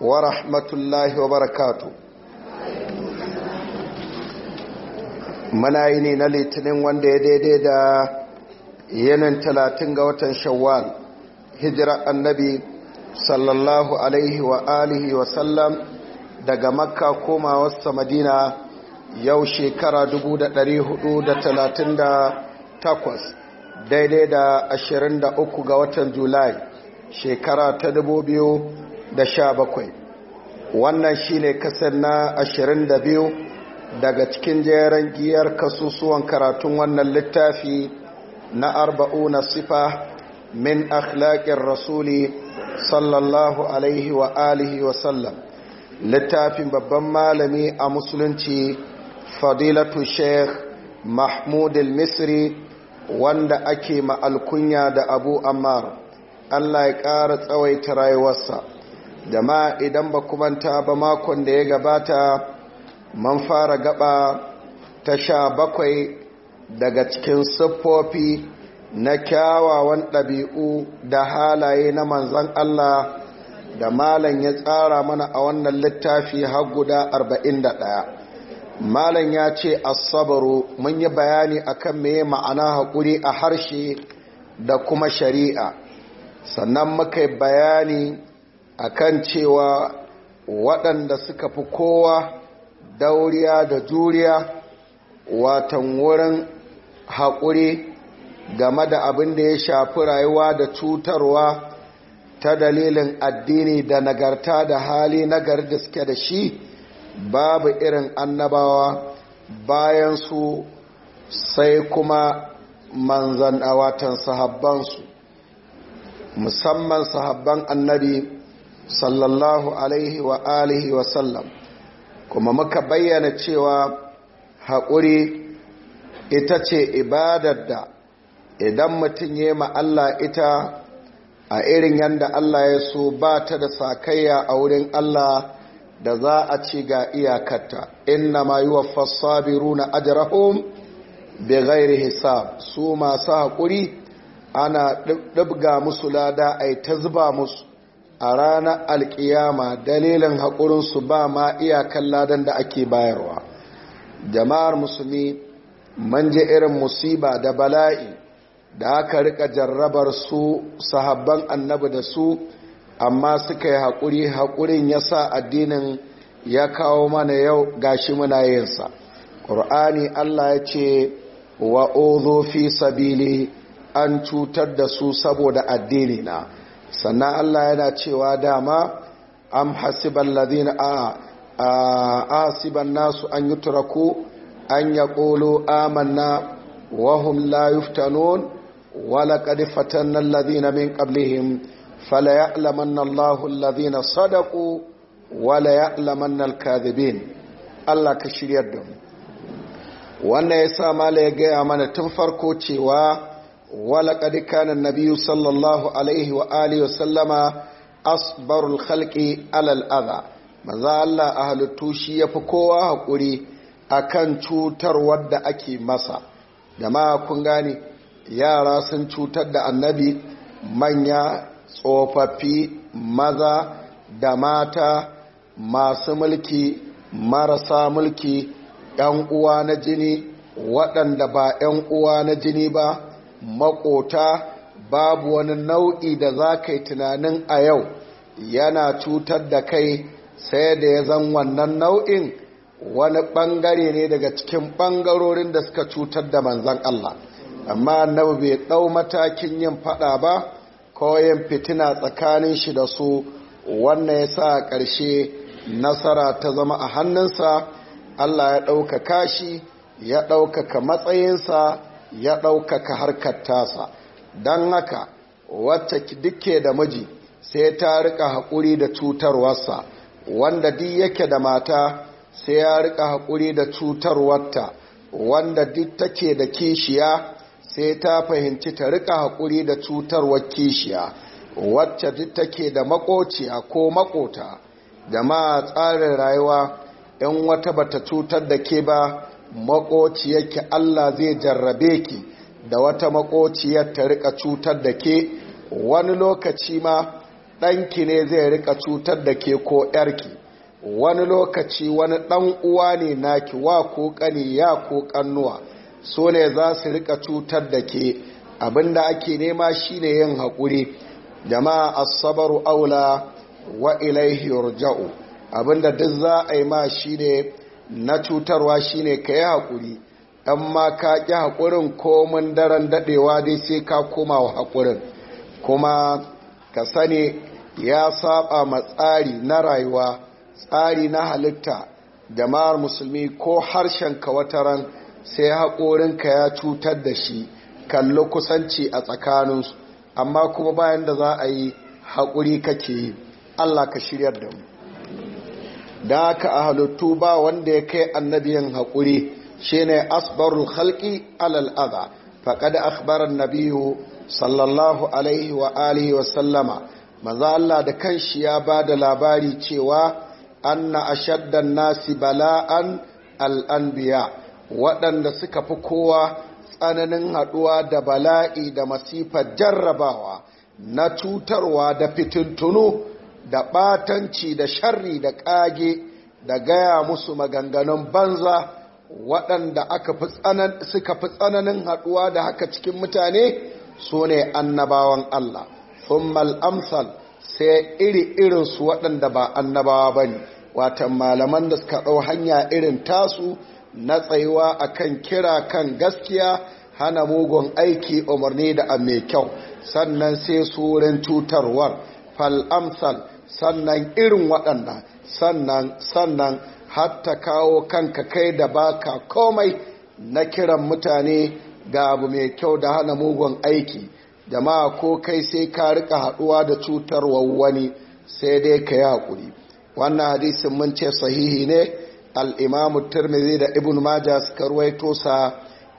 wa rahmatullahi wa barakatu yi ne na litinin wanda ya daidai da yanin talatin ga watan shawwal hijira annabi sallallahu alaihi wa alihi wa sallam daga makka koma wasa madina yau shekara 438 daidai da 23 ga watan julai shekara ta dubu biyu. da sha bakwai wannan shi ne kasar na ashirin da biyu daga cikin jeren giyar kasusuwan karatun wannan littafi na arba'u na sifa min akhlaƙin rasuli sallallahu alaihi wa alihi wa sallam littafin babban malami a musulunci fadilatu sheikh mahmud misri wanda ake ma'alkunya da abu ammar allah ya ƙara tsawaita rayuwarsa Da ma idan ba kumanta ba makon da ya gabata man fara gaba ta sha bakwai daga cikin siffofi na kyawawan ɗabi'u da halaye na manzan Allah da malam ya tsara mana a wannan littafi har guda 41 Malam ya ce asabaru mun yi bayani akan meye ma'ana haƙuri a harshe da kuma shari'a sannan muka bayani akan cewa waɗanda suka fi kowa dauriya da juriya watan wurin haƙuri game da abin da ya shafi rayuwa da cutarwa ta dalilin addini da nagarta da hali nagari da suke da shi babu irin annabawa bayan su sai kuma manzan watan sahabbansu musamman sahabban annabi sallallahu alaihi wa alihi wa sallam kuma muka bayyana cewa haƙuri ita ce ibadar da idan mutum ya ma Allah ita a irin yadda Allah ya so ba ta da sakayya a wurin Allah da za a ci ga iyakarta inna ma yi wa fassabiru na ajirahun bai gairi hisab su masu haƙuri ana ɗabga musu lada a ta zuba musu a ranar alkiyama dalilin haƙurinsu ba ma iyakan ladan da ake bayarwa jama'ar musulmi manje irin musiba da bala'i da aka rika jarrabar su sahabban annabi da su amma suka yi haƙuri haƙurin ya sa addinin ya kawo mana yau gashi muna yinsa ƙur'ani allah ya ce wa fi sabili an cutar da su saboda addini na sannan Allah yana cewa dama am hasiban ladina a siban nasu an yi turaku, an ya yaqulu amanna Wahum hum la yuftanun wala ƙadifatan fatanna ladina min qablihim fala ya'lamanna lahun ladina sadaku wala ya'lamanna al kazibin Allah ka shirya da Wannan ya sa mala ya gaya mana tun farko cewa ولقد كان النبي صلى الله عليه وآله وسلم أصبر الخلق على maza Allah a halittu shi ya fi kowa haƙuri a kan cutar wadda ake masa ma kun gane yara sun cutar da annabi manya tsofaffi maza da mata masu mulki marasa mulki 'yan uwa na jini waɗanda ba 'yan uwa na jini ba makota babu wani nau'i da za ka yi tunanin a yau yana cutar da kai sai da ya zan wannan nau'in wani ɓangare ne daga cikin ɓangarorin da suka cutar da manzan Allah amma annabi bai ɗau matakin yin faɗa ba ko yin fitina tsakanin shi da su wannan ya sa a ƙarshe nasara ta zama a hannunsa Allah ya ɗaukaka kashi, ya ɗaukaka matsayinsa ya ɗaukaka harkar tasa don haka wacce duke da miji sai ta rika haƙuri da cutarwarsa wanda duk yake da mata sai ya rika haƙuri da cutarwarta wanda duk take da kishiya sai ta fahimci ta rika haƙuri da cutarwar kishiya wacce duk take da makociya ko maƙota, da ma tsarin rayuwa in wata bata cutar da ke ba makociyarki Allah zai jarrabe ki da wata makociyar ta rika cutar da ke wani lokaci ma ɗanki ne zai rika cutar da ke ko ‘yarki wani lokaci wani ɗan uwa ne naki wa ko ƙani ya ko ƙannuwa so ne za su rika cutar da ke abinda ake nema shine yin haƙuri jama'a as-sabaru aula wa ilaihi yurja'u abinda duk za a yi ma shine na cutarwa shine ka yi haƙuri ɗan ma ka ƙi haƙurin komin daren daɗewa dai sai ka koma wa haƙurin kuma ka sani ya saba ma tsari na rayuwa tsari na halitta jama'ar musulmi ko harshenka ran sai ka ya cutar da shi kallo kusanci a tsakaninsu amma kuma bayan da za a yi haƙuri kake yi allah ka shiryar da mu da aka a halittu ba wanda ya kai annabiyan haƙuri ne asbarul halki alal adha faqad akhbara na biyu sallallahu alaihi wa alihi wa sallama maza Allah da shi ya ba da labari cewa na ashaddan nasi bala'an al'anbiya waɗanda suka fi kowa tsananin haɗuwa da bala'i da masifar jarrabawa na cutarwa da fitintunu da ɓatanci da sharri da ƙage da gaya musu maganganun banza waɗanda suka fi tsananin haɗuwa da haka cikin mutane su ne annabawan Allah summal amsal sai iri irinsu waɗanda ba annabawa ba ne watan malaman da suka ɗau hanya irin tasu na tsayuwa akan kira kan gaskiya hana mugun aiki umarni da a kyau sannan sai surin cutarwar Fal fal-amsal sannan irin waɗannan sannan sannan hatta kawo kanka kai da baka komai na kiran mutane ga abu mai kyau da hana mugun aiki jama'a ko kai sai ka rika haɗuwa da cutar wani sai dai ka yi haƙuri wannan hadisin mun ce sahihi ne al'imamu turmizi da ibn maja suka ruwaito sa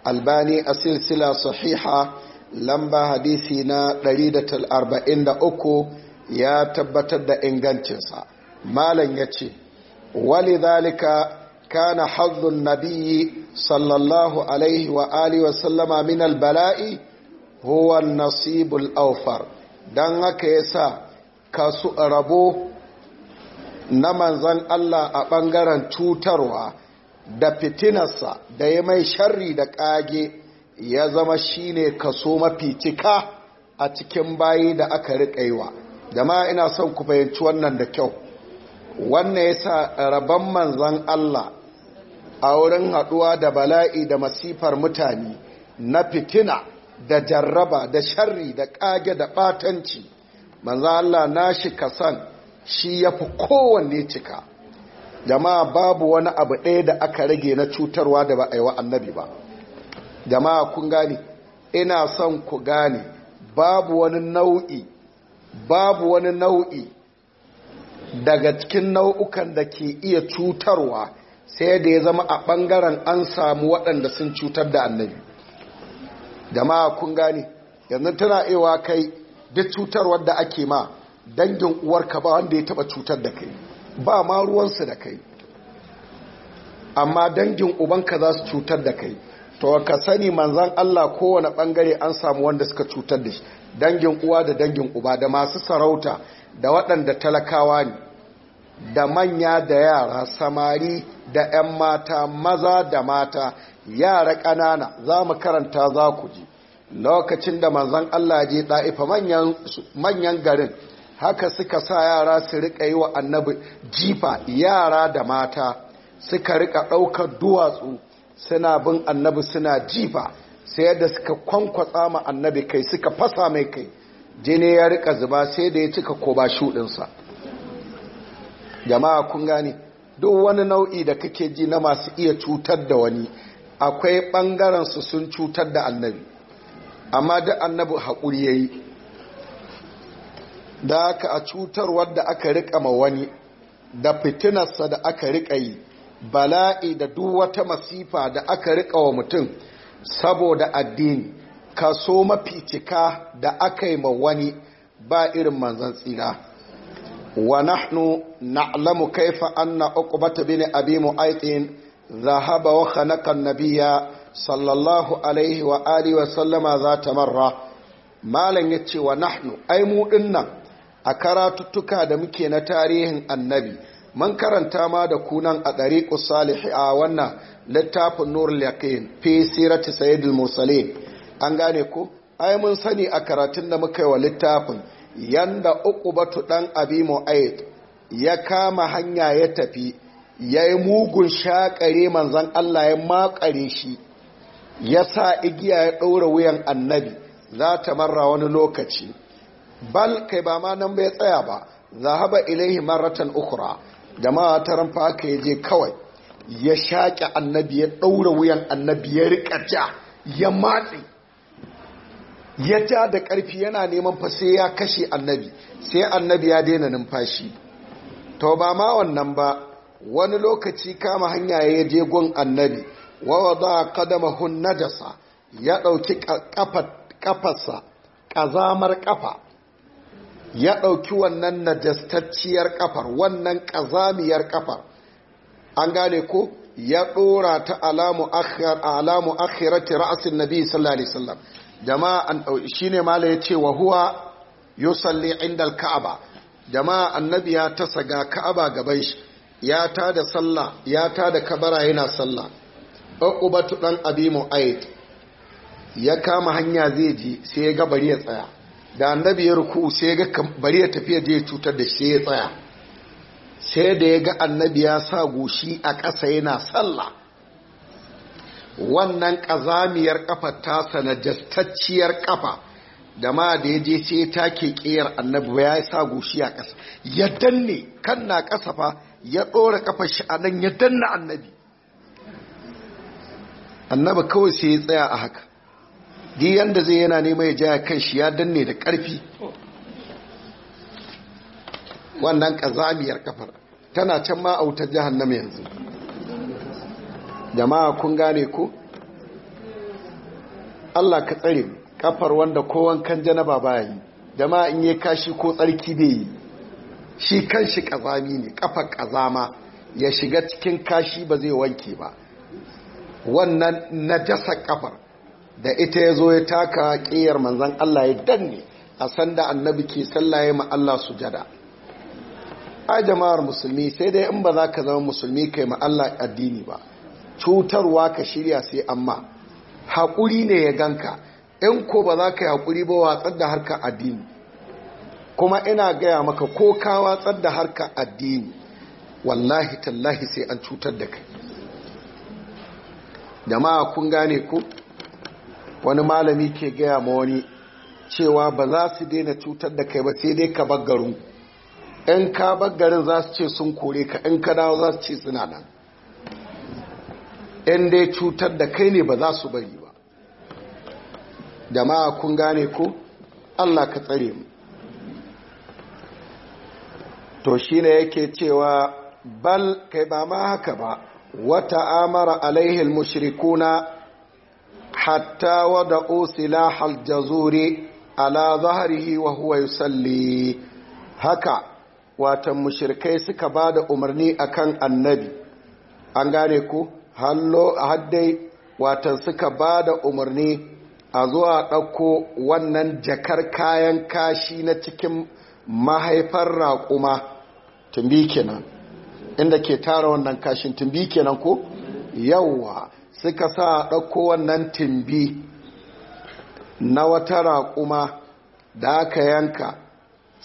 albani a silsila sahiha lamba hadisi na 143 ya tabbatar da ingancinsa malam ya ce wali kana hazzun nabiyyi sallallahu alaihi wa alihi wa sallama min albala'i huwa nasibul awfar dan haka yasa kasu rabo na manzan Allah a bangaren cutarwa da fitinarsa da ya mai sharri da kage ya zama shine kaso mafi cika a cikin bayi da aka riƙaiwa jama'a ina son ku fahimci wannan da kyau wannan ya sa rabon manzan Allah a wurin haduwa da bala'i da masifar mutane na fitina da jarraba da sharri da kage da batanci manzan Allah na shi kasan shi ya fi kowanne cika jama'a babu wani abu ɗaya da aka rage na cutarwa da ba a yi wa annabi ba jama'a kun gane ina son ku gane babu wani nau'i babu wani nau'i daga cikin nau'ukan da ke iya cutarwa sai da ya zama a ɓangaren an samu waɗanda sun cutar da annabi jama'a kun gane yanzu tana ewa kai duk cutarwar da ake ma dangin uwarka ba wanda ya taba cutar da kai ba ma ruwansu da kai amma dangin ubanka za su cutar da kai to ka sani manzan Allah kowane bangare an samu wanda suka cutar da shi dangin uwa da dangin uba da masu sarauta da waɗanda talakawa ne da manya da yara samari da 'yan mata maza da mata yara ƙanana za mu karanta za ku ji lokacin da manzan Allah je ɗa'ifa manyan garin haka suka sa yara su riƙa yi wa annabi jifa yara da mata suka riƙa ɗaukar duwatsu suna bin annabi suna jifa sai yadda suka kwankwatsa ma annabi kai suka fasa mai kai jini ya rika zuba sai da ya cika ko ba shuɗinsa jama'a kun gane duk wani nau'i da kake ji na masu iya cutar da wani akwai ɓangarensu sun cutar da annabi amma duk annabi haƙuri ya yi da aka a cutar wadda aka rika ma wani da fitinarsa da aka rika yi bala'i da duk wata masifa da aka rika wa mutum saboda addini kaso mafi cika da aka yi ma wani ba irin manzan tsira wa nahnu na'lamu kaifa anna uqbata bin abi mu'aytin zahaba wa khanaqa an-nabiyya sallallahu alaihi wa alihi wa sallama ta marra malan yace wa nahnu ai mu dinnan a karatuttuka da muke na tarihin annabi man karanta ma da kunan a ɗariƙus salihi a wannan littafin nur lakin fi sirati sayyidul mursalin an gane ku? ai mun sani a karatun da muka yi wa littafin yanda batu dan abi mu'ayd ya kama hanya ya tafi ya yi mugun shakare manzon Allah ya makare shi ya sa igiya ya ɗaura wuyan annabi za ta marra wani lokaci bal kai ba ma nan bai tsaya ba zahaba ilaihi maratan ukura jama'a ta ranfa aka yaje kawai ya shaƙi annabi ya ɗaura wuyan annabi ya riƙa ja ya matse ya ja da ƙarfi yana neman fa sai ya kashe annabi sai annabi ya daina numfashi to ba ma wannan ba wani lokaci kama hanya ya je gun annabi wa wada qadamahu najasa ya ɗauki ƙafarsa ƙazamar ƙafa ya ɗauki wannan najastacciyar kafar wannan ƙazamiyar kafar an gane ko ya ɗora ta alamu akhirati ra'asin nabi sallallahu alaihi wasallam jama'a shine mala ya ce wa huwa yusalli indal ka'aba jama'a annabi ya ta saga ka'aba gaban shi ya ta da sallah ya ta da kabara yana sallah ubatu dan abi mu'ayd ya kama hanya zai ji sai ya ga bari ya tsaya da annabi ya ruku sai ga bari ya tafiya je cutar da shi sai ya tsaya sai da ya ga annabi ya sa goshi a ƙasa yana sallah wannan ƙazamiyar ƙafa ta sanajastacciyar ƙafa da ma da ya je sai ta ke ƙiyar annabi ya sa goshi a ƙasa ya danne kan na ƙasa fa ya ɗora ƙafa shi a nan ya danna annabi annabi kawai sai ya tsaya a haka di yanda zai yana nema ya jaya kan shi ya danne da ƙarfi wannan ƙazamiyar kafar tana can ma wutar autar nam yanzu jama'a kun gane ku Allah ka tsare kafar wanda kowan kan janaba ba yi jama'a in yi kashi ko tsarki bai yi shi kan shi ƙazami ne kafar ƙazama ya shiga cikin kashi ba zai wanke ba wannan na najasa kafar da ita ya zo ya taka ƙiyar manzan Allah ya danne a sanda annabi ke sallaye ma Allah sujada a jama'ar musulmi sai dai in ba za ka zama musulmi kai ma Allah addini ba cutarwa ka shirya sai amma haƙuri ne ya ganka in ko ba za ka yi haƙuri ba watsar da harkar addini kuma ina gaya maka ko ka watsar da harkar addini wallahi tallahi sai an cutar da kai jama'a kun gane ku wani malami ke gaya ma wani cewa ba za su daina cutar da kai ba sai dai ka baggaru in ka baggarin za su ce sun kore ka in ka dawo za su ce suna nan in dai cutar da kai ne ba za su bari ba jama'a kun gane ko allah ka tsare mu to shi ne yake cewa bal kai ba ma haka ba wata amara alaihil mushrikuna hatta wada'u silahal jazuri ala zahrihi wa huwa yusalli haka watan mushrikai suka bada umarni akan annabi an gane ku hallo haddai watan suka da umarni a zuwa ɗauko wannan jakar kayan kashi na cikin mahaifar raƙuma tumbi kenan inda ke tara wannan kashin tumbi kenan ko yawwa suka sa ɗauko wannan timbi na wata raƙuma da aka yanka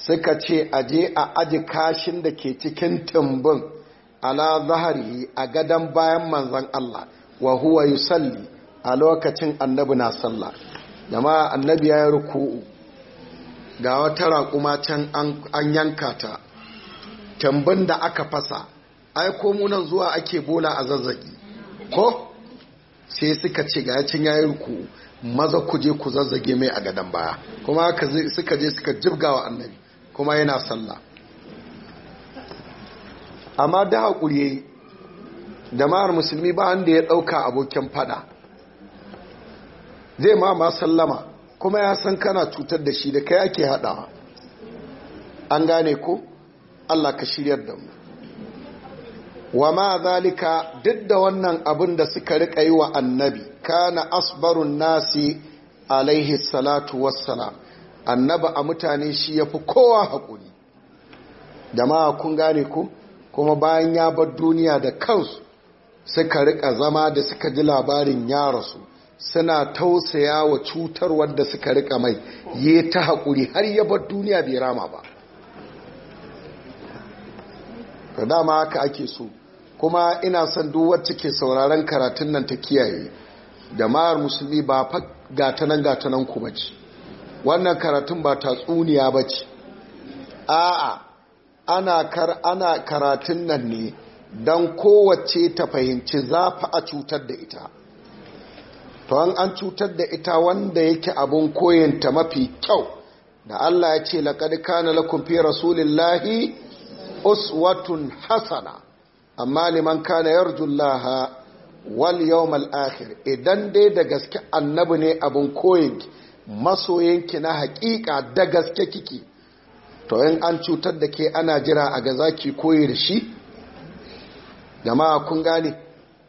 suka ce je a aji kashin da ke cikin timbin ala zahari a gadon bayan manzan Allah wa huwa yusalli a lokacin annabi na sallah jama'a annabi ya yi ruku'u ga wata raƙuma can an yanka ta tambin da aka fasa ai ko munan zuwa ake bola a zazzagi ko sai suka ce ga yacin ku maza ku je ku zazzage mai a gadon baya kuma suka je suka jibgawa annabi kuma yana sallah amma da haƙuri da mahar musulmi ba wanda ya ɗauka abokin fada zai ma ma sallama kuma ya san kana cutar da shi da kai ake haɗawa an gane ko allah ka shiryar da mu wa ma zalika duk da wannan abin da suka rika yi wa annabi kana asbarun nasi alaihi salatu wassalam annaba a mutane shi ya fi kowa hakuri jama'a kun gane ku kuma bayan ya bar duniya da kansu suka rika zama da suka ji labarin ya rasu suna tausaya wa cutar wanda suka rika mai yi ta haƙuri har ya bar duniya bai rama ba da dama haka ake so kuma ina son duk wacce ke sauraron karatun nan ta kiyaye jama'ar musulmi ba fa gatanan gatanan ku bace wannan karatun ba tatsuniya bace a'a ana kar ana karatun nan ne dan kowace ta fahimci zafa a cutar da ita to an an cutar da ita wanda yake abun koyinta mafi kyau da Allah ya ce laqad kana lakum fi rasulillahi uswatun hasana amma liman kana yarjullaha wal yawmal akhir idan dai da gaske annabi ne abun koyin masoyinki na hakika da gaske kiki to in an cutar da ke ana jira a ga zaki koyi da shi jama'a kun gane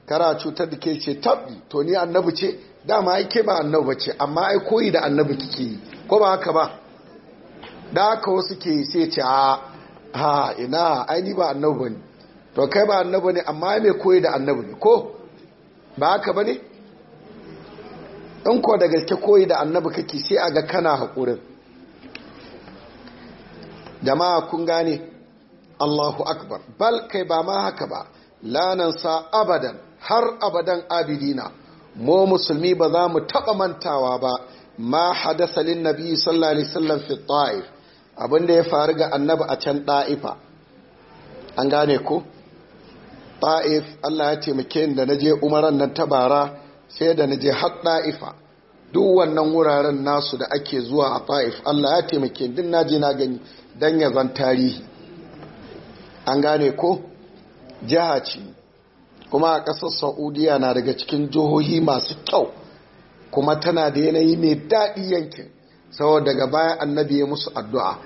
kara cutar da ke ce tabbi to ni annabi ce dama ai ke ba annabi ba amma ai koyi da annabi kike yi ko ba haka ba da haka wasu ke sai ce a ha ina ai ni ba annabi bane to kai ba annabi ne amma mai koyi da annabi ne ko ba haka ba ne in ko da gaske koyi da annabi kake sai a ga kana haƙurin jama'a kun gane allahu akbar bal kai ba ma haka ba sa abadan har abadan abidina mu musulmi ba za mu taɓa mantawa ba ma hadasa lin nabi sallallahu alaihi wasallam fi ta'if abinda ya faru ga annabi a can ɗa'ifa an gane ko ta'if Allah ya taimake ni da naje umaran nan ta bara sai da naje har ta'ifa duk wannan wuraren nasu da ake zuwa a ta'if Allah ya taimake din naje na gani dan ya zan tarihi an gane ko jiha ce kuma a ƙasar saudiya na daga cikin jihohi masu kyau kuma tana da yanayi mai daɗi yankin saboda daga baya annabi ya musu addu'a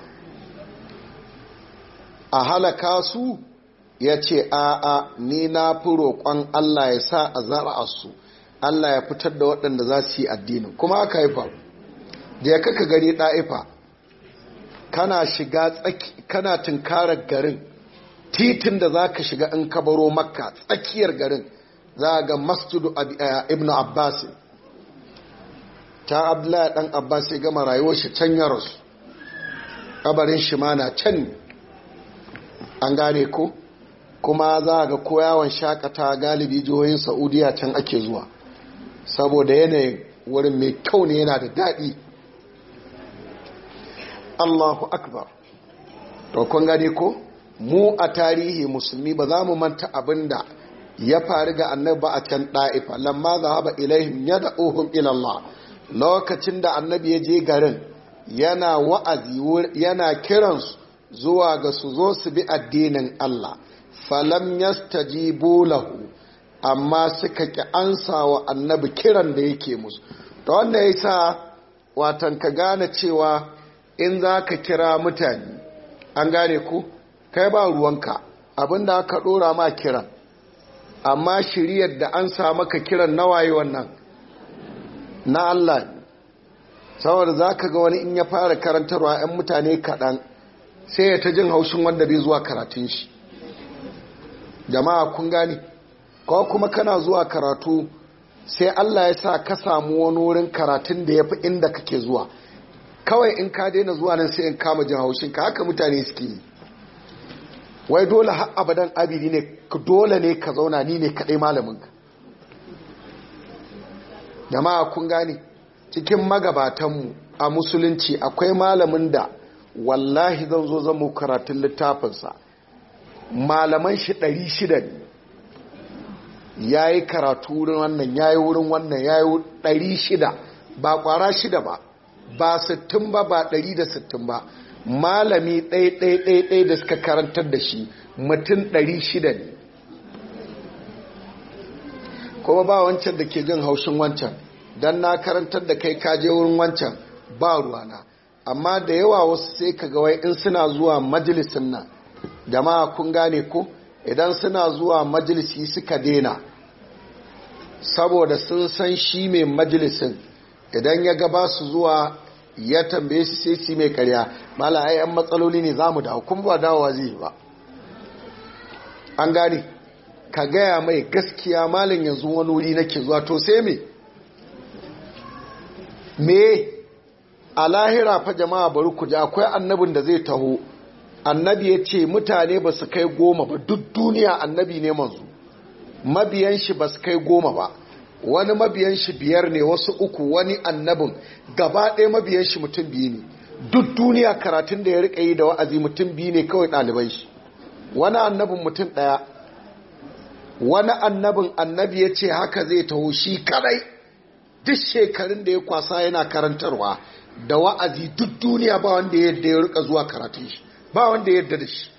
a halaka su ya ce a'a ni na fi roƙon Allah ya sa a su Allah ya fitar da waɗanda za su yi addinin kuma aka haifa da ya kaka gani ɗa'ifa kana shiga tsaki kana tunkarar garin titin da za ka shiga in kabaro makka tsakiyar garin za ga masjidu eh, ibn abbas ta abdullahi dan abbas ya gama rayuwar shi can ya rasu kabarin shi ma na can an gane ko kuma za ga koyawan shakata galibi jihohin saudiya can ake zuwa saboda yanayin wurin mai kyau ne yana da daɗi allahu akbar kun gani ko mu a tarihi musulmi ba za mu manta abin da ya faru ga annabi a can ɗa'ifa lamma za haɓa ilaihim ya da ohun ilallah lokacin da annabi ya je garin yana wa'azi yana kiransu zuwa ga su zo su bi addinin Allah falam yastajibu lahu amma suka ki ansawa annabi kiran da yake musu to wanda yasa watan ka gane cewa in za ka kira mutane an gane ku kai ba ruwanka abinda aka dora ma kiran amma shiriyar da an sa maka kiran nawaye wannan na Allah saboda za ka ga wani in ya fara karantarwa 'yan mutane kaɗan sai ya ta jin haushin wanda bai zuwa karatun shi jama'a kun gane ko kuma kana zuwa karatu sai Allah ya sa ka samu wani wurin karatun da ya fi inda kake zuwa kawai in ka daina zuwa nan sai in kama jin haushin ka haka mutane suke yi wai dole har abadan abidi ne dole ne ka zauna ni ne kaɗai malamin ka jama'a kun gane cikin magabatanmu a musulunci akwai malamin da wallahi zan zo zan mu karatun littafinsa malaman shi ɗari shida ne ya yi karatu wurin wannan ya yi wurin wannan ya yi ɗari shida ba ƙwara shida ba ba sittin ba ba ɗari da sittin ba malami ɗai-ɗai-ɗai da suka karantar da shi mutum ɗari shida ne kuma ba wancan da ke jin haushin wancan don na karantar da kai kaje wurin wancan ba ruwana amma da yawa wasu sai ka gawai in suna zuwa majalisin nan jama'a kun gane ko idan suna zuwa majalisi suka dena saboda sun san shi mai majalisin idan ya gaba su zuwa ya tambaye su sai shi mai karya mala ai an matsaloli ne zamu da kun ba dawowa zai ba an gane ka gaya mai gaskiya malin yanzu wani wuri nake zuwa to sai me me a lahira fa jama'a bari ku ji akwai annabin da zai taho annabi ya ce mutane ba su kai goma ba duk duniya annabi ne manzo mabiyan shi ba su kai goma ba wani mabiyan shi biyar ne wasu uku wani annabin gaba ɗaya mabiyan shi mutum biyu ne duk duniya karatun da ya riƙa yi da wa'azi mutum biyu ne kawai ɗalibai shi wani annabin mutum ɗaya wani annabin annabi ya ce haka zai taho shi kadai duk shekarun da ya kwasa yana karantarwa da wa'azi duk duniya ba wanda ya riƙa zuwa karatun shi ba wanda ya yarda da shi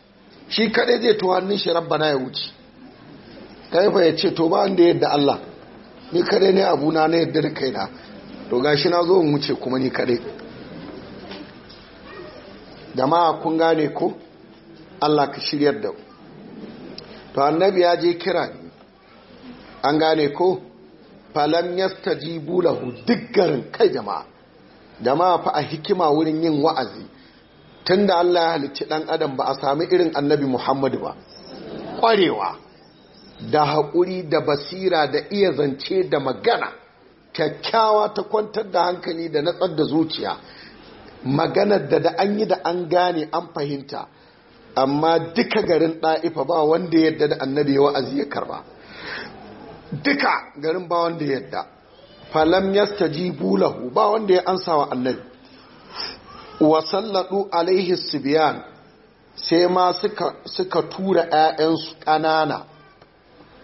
shi kadai zai to hannun shi rabba na ya wuce kaifa ya ce to ba wanda ya yarda Allah ni kadai ne abu na yarda da kaina to gashi na zo in wuce kuma ni Da jama'a kun gane ko Allah ka shiryar da to annabi ya je kira an gane ko falam yastajibu lahu duk garin kai jama'a jama'a fa a hikima wurin yin wa'azi tun da Allah ya halicci ɗan adam ba a sami irin annabi Muhammadu ba ƙwarewa da haƙuri da basira da iya zance da magana kyakkyawa ta kwantar da hankali da natsar da zuciya maganar da da an yi da an gane an fahimta amma duka garin ɗa'ifa ba wanda yadda da annabi ya wa'azi ya karba duka garin ba wanda yadda falam ji bulahu ba wanda ya ansa wa annabi wasalladu alaihi sibiyan sai ma suka tura 'ya'yansu ƙanana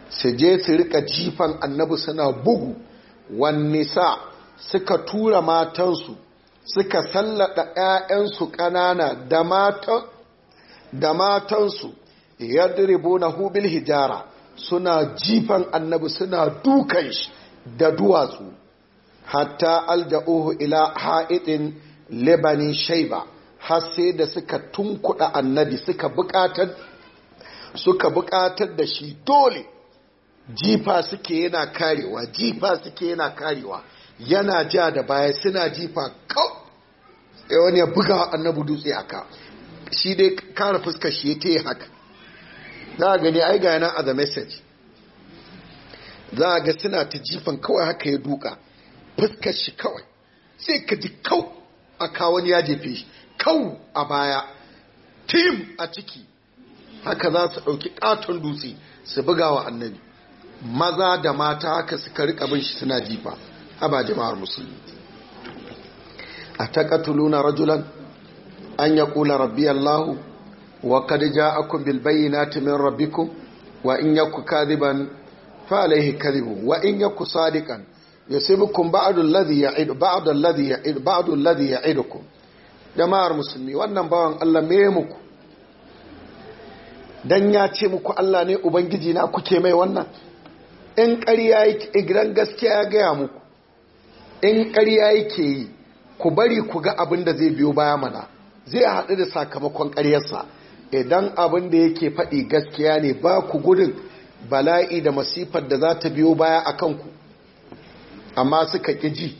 su je su rika jifan annabi suna bugu nisa suka tura matansu suka sallada 'ya'yansu ƙanana da matansu yadribu na hubil hijara suna jifan annabi suna dukan shi da duwatsu hatta alja'uhu ila ha'itin lebanin shaiba har sai da suka tunkuɗa annabi suka buƙatar suka da shi dole jifa suke yana karewa jifa suke yana karewa yana ja da baya suna jifa kau sai wani ya buga annabi dutse ka shi dai kara fuskar shi ya yi haka za a gani ai gana a the message za a ga suna ta jifan kawai haka ya duka fuskar shi kawai sai ka ji kawai Akawun kawon ya jefe shi kau a baya tim a ciki haka za su ɗauki ƙaton dutse su buga wa annabi maza da mata haka suka rika bin shi suna jifa a ba jama'ar musulmi a taqatuluna rajulan an yaqula rabbi allahu wa qad ja'akum na bayyinati min rabbikum wa in yaku kadhiban fa alaihi kadhibu wa in yaku sadikan yusibukum ba'du alladhi ya'idu ba'du alladhi ya'idu ba'du alladhi ya'idukum jama'ar musulmi wannan bawan Allah me muku dan ya ce muku Allah ne ubangiji na kuke mai wannan in ƙarya yake gidan gaskiya ya gaya muku in ƙarya yake yi ku bari ku ga abin da zai biyo baya mana zai haɗu da sakamakon ƙaryarsa idan abin da yake faɗi gaskiya ne ba ku gudun bala'i da masifar da za ta biyo baya a kanku amma suka ƙi ji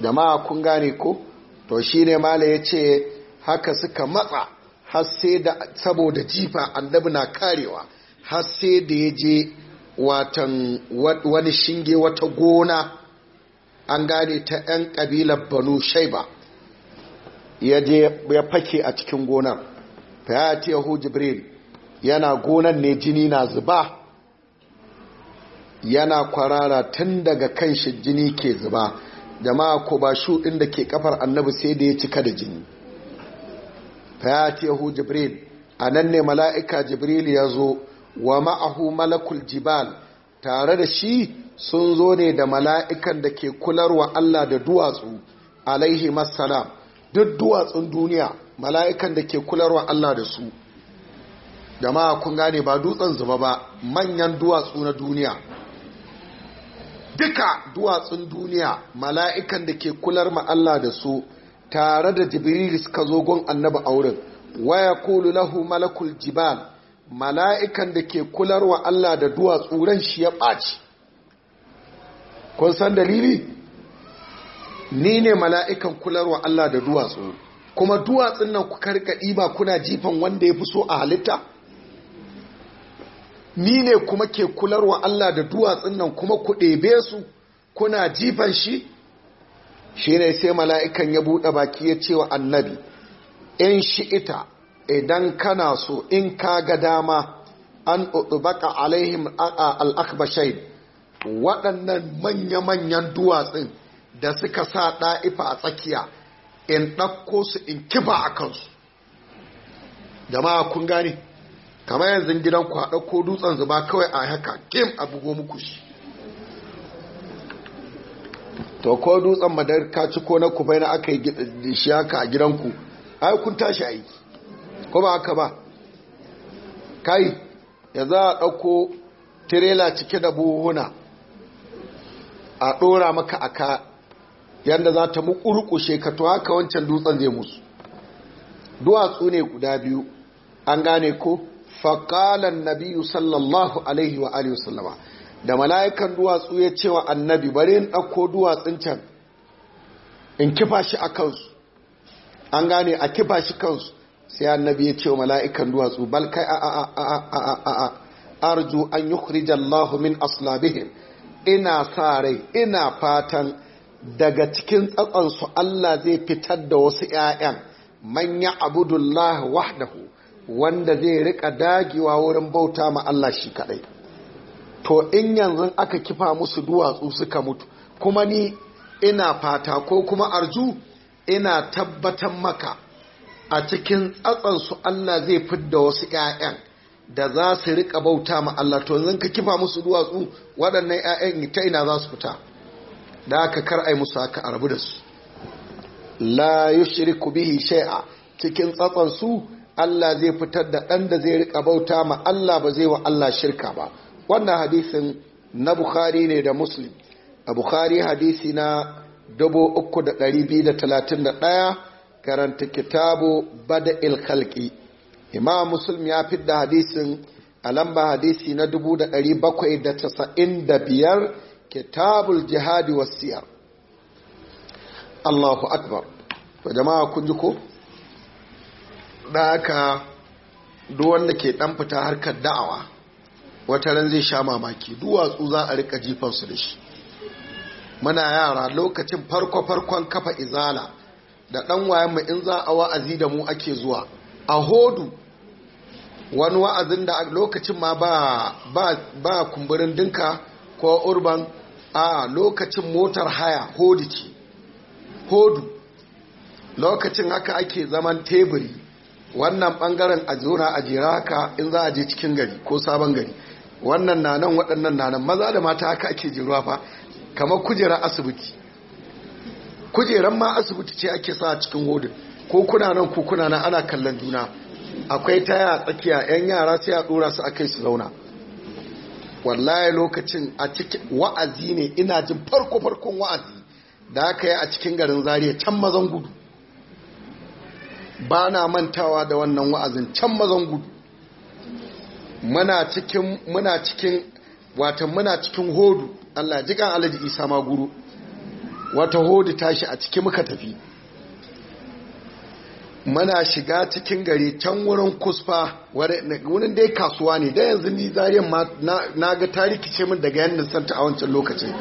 jama'a kun gane ko to shi ne mala ya ce haka suka matsa har sai da saboda jifa annabi na karewa har sai da ya je watan wani shinge wata gona an gane ta 'yan ƙabilar banu shaiba ya je ya fake a cikin gonar fayati yahu jibril yana gonar ne jini na zuba yana kwarara tun daga kan shi jini ke zuba jama'a ko ba shu ɗin da ke kafar annabi sai da ya cika da jini fayatiyahu jibril a nan ne mala'ika jibril ya zo wa ma'ahu malakul jibal tare da shi sun zo ne da mala'ikan da ke kularwa Allah da duwatsu alaihi masalam duk duwatsun duniya mala'ikan da ke kularwa Allah da su jama'a kun gane ba dutsen zuba ba manyan duwatsu na duniya duka duwatsun duniya mala'ikan da ke kular ma'alla da su tare da jibril suka zo gon annabi a wurin waya kulu lahu malakul jibal mala'ikan da ke kular Allah da duwatsu ran shi ya ɓaci kun san dalili ni ne mala'ikan kularwa Allah da duwatsu kuma duwatsun nan ku karka ɗiba kuna jifan wanda ya fi so a halitta ni ne kuma ke kularwa Allah da duwatsun nan kuma ku ɗebe su kuna jifan shi shi ne sai mala'ikan ya buɗe baki ya ce annabi yan shi ita idan kana so in ka ga dama an baka alaihim al'akbashai waɗannan manya-manyan duwatsun da suka sa ɗa'ifa a tsakiya in ɗakko su in kiba a kansu jama'a kun gane kamar yanzu gidan ku haɗa ko dutsen zuba kawai a haka kim a bugo muku shi to ko dutsen madarka ci ko na ku bai na aka yi shi haka a gidanku ai kun tashi aiki ko ba haka ba kai ya za a ɗauko tirela cike da buhuna a ɗora maka a ka yadda za ta mukurkushe ka to haka wancan dutsen zai musu duwatsu ne guda biyu an gane ko faƙalan nabiyu sallallahu alaihi wa alihi sallama da mala'ikan duwatsu ya ce wa annabi bari in ɗauko duwatsun can in kifa shi a kansu an gane a kifa shi kansu sai annabi ya ce wa mala'ikan duwatsu bal kai a a a a arju an yi hurijallahu min aslabihim ina sa rai ina fatan daga cikin tsatsansu Allah zai fitar da wasu ‘ya'yan manya Abudullahi wahdahu wanda zai rika dagewa wurin bauta ma Allah shi kadai to in yanzu aka kifa musu duwatsu suka mutu kuma ni ina fata ko kuma arju ina tabbatar maka a cikin tsatsansu Allah zai fidda wasu 'ya'yan da za su rika bauta ma Allah to yanzu ka kifa musu duwatsu waɗannan 'ya'yan ita ina za su fita da aka kar ai musu haka a rabu da su la yushriku bihi shay'a cikin su. Allah zai fitar da ɗan da zai riƙa bauta ma Allah ba zai wa Allah shirka ba wannan hadisin na Bukhari ne da Muslim a Bukhari hadisi na 3231 karanta kitabu bada ilkalki Imam Muslim ya fi da hadisin a lamba hadisi na biyar, kitabul jihadi wasiyar Allahu akbar jama'a kun ji ko da aka, duwan da ke dan fita harkar da'awa wata ran zai sha mamaki duwatsu za a rika jifansu da shi muna yara lokacin farko-farkon kafa izala da ɗan mu in za a wa'azi da mu ake zuwa a hodu wani wa'azin da lokacin ma ba, ba kumburin dinka ko urban a lokacin motar haya hodu ce hodu lokacin haka ake zaman teburi wannan bangaren a zona a jera ka in za a je cikin gari ko sabon gari wannan na nan waɗannan na nan maza da mata haka ake jiruwa fa kamar kujerar asibiti kujerar ma asibiti ce ake sa cikin hodin ko kuna nan ko kuna nan ana kallon juna akwai taya tsakiya yan yara sai a dora su akai su zauna wallahi lokacin a cikin wa'azi ne ina jin farko farkon wa'azi da aka yi a cikin garin zariya can mazan gudu ba na mantawa da wannan wa'azin can mazan gudu muna cikin muna cikin wata muna cikin hodu Allah jikan alaji Isa Maguru wata hodu tashi a ciki muka tafi muna shiga cikin gari can wurin kusfa wurin dai kasuwa ne da yanzu ni zariyan na ga tariki ce min daga yannin santa a wancan lokacin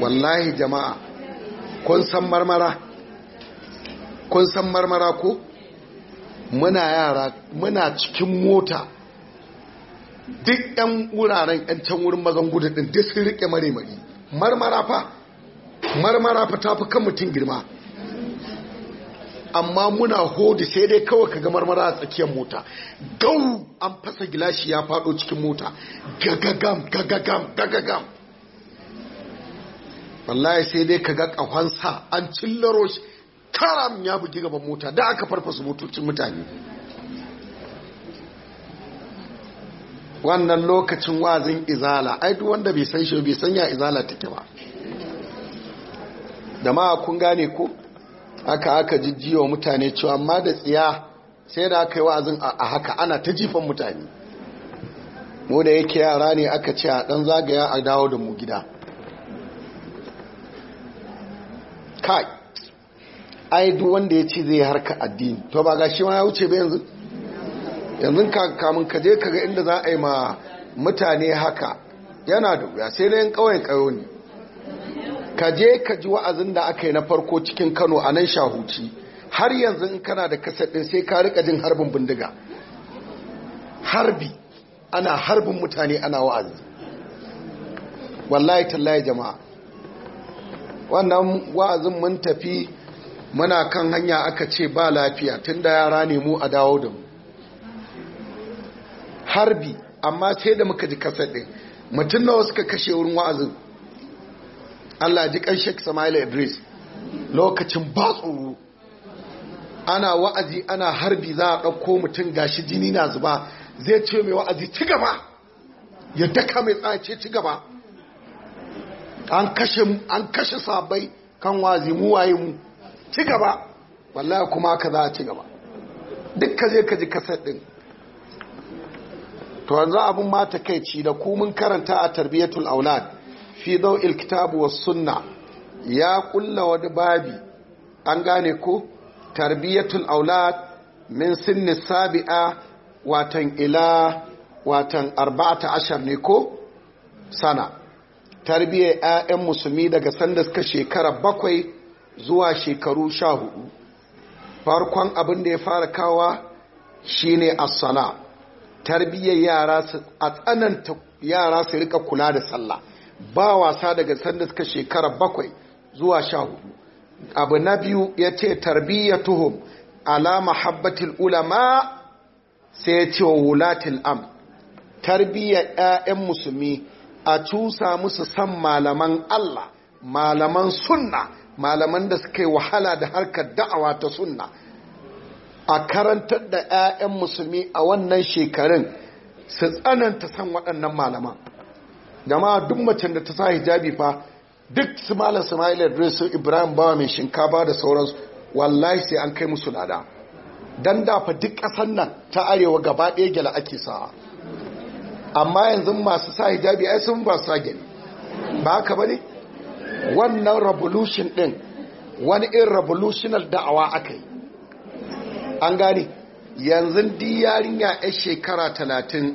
wallahi jama'a kun san marmara kun san marmara ko muna yara muna cikin mota duk yan wuraren yan can wurin mazan gudu din duk sun rike mare mari marmara fa marmara fa ta fi kan mutum girma amma muna hodi sai dai kawai kaga marmara a tsakiyar mota gau an fasa gilashi ya fado cikin mota gagagam gagagam gagagam wallahi sai dai kaga kafansa an cillaro shi karam ya bugi gaban mota da aka farfasa motocin mutane wannan lokacin wazin izala ai duk wanda bai san shi bai san ya izala take ba da ma kun gane ko haka aka jijjiwa mutane cewa amma da tsiya sai da aka yi wazin a haka ana ta jifan mutane mu da yake yara ne aka ce a dan zagaya a dawo da mu gida kai ai duk wanda ya ce zai harka addini to ba ga shi ma ya wuce ba yanzu yanzu kamun ka je ka ga inda za a yi ma mutane haka yana da wuya sai dai kawai kayo ne ka je ka ji wa'azin da aka yi na farko cikin kano a nan shahuci har yanzu in kana da kasar ɗin sai ka rika jin harbin bindiga harbi ana harbin mutane ana wa'azi wallahi tallahi jama'a wannan wa'azin mun tafi muna kan hanya aka ce ba lafiya tun da yara ne mu a dawo da mu harbi amma sai da muka ji kasar ɗin mutum wasu ka kashe wurin wa'azin allah ji kan shek sama'ila idris lokacin ba tsoro ana wa'azi ana harbi za a ɗauko mutum gashi jini na zuba zai ce mai wa'azi ci gaba ya daka mai tsace ci gaba an kashe sabai kan wa'azi mu waye mu ci gaba wallahi kuma ka za a ci gaba duk ka je ka ji kasar ɗin to yanzu abin kai ci da ku mun karanta a tarbiyyatul aulad fi daw'il ilkitabu wa sunna ya kulla wani babi an gane ko tarbiyyatul aulad min sinni sabi'a watan ila watan arba'ata ashar ne ko sana tarbiyyar 'ya'yan musulmi daga sanda suka shekara bakwai zuwa shekaru sha hudu farkon abin da ya fara kawa shine asala tarbiyyar yara su a tsananta yara su rika kula da sallah ba wasa daga sanda suka shekara bakwai zuwa sha hudu abu na biyu ya ce tarbiyyar tuhum, ala mahabbatil ulama sai ya ce wa am tarbiyyar 'ya'yan musulmi a cusa musu san malaman Allah malaman sunna malaman da suka yi wahala da harkar da'awa ta sunna a karantar da 'ya'yan musulmi a wannan shekarun su tsananta san waɗannan malaman jama'a duk macen da ta sa hijabi fa duk su malam Ismail adresu Ibrahim Bawa mai shinkafa da sauransu wallahi sai an kai musu lada don dafa duk ƙasar nan ta arewa gaba ɗaya gyala ake sawa amma yanzu masu sa hijabi ai sun ba sa gyali ba haka ba ne? wannan revolution din wani in revolutional da'awa aka yi an gane yanzu di yarin ya shekara talatin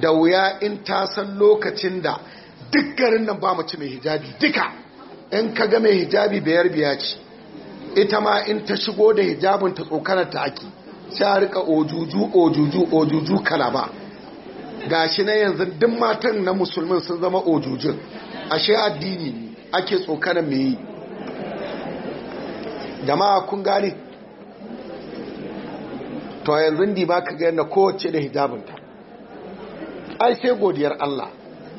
da wuya in ta san lokacin da duk garin nan ba mace mai hijabi duka in ka ga mai hijabi bayar biya ce ita ma in ta shigo da hijabin ta tsokanar ta aki sai rika ojuju ojuju ojuju kalaba gashi na yanzu duk matan na musulmin sun zama ojujun ashe addini ne ake tsokanan mai yi jama'a kun gane to yanzu di ba ka gane kowace da hijabinta ai sai godiyar Allah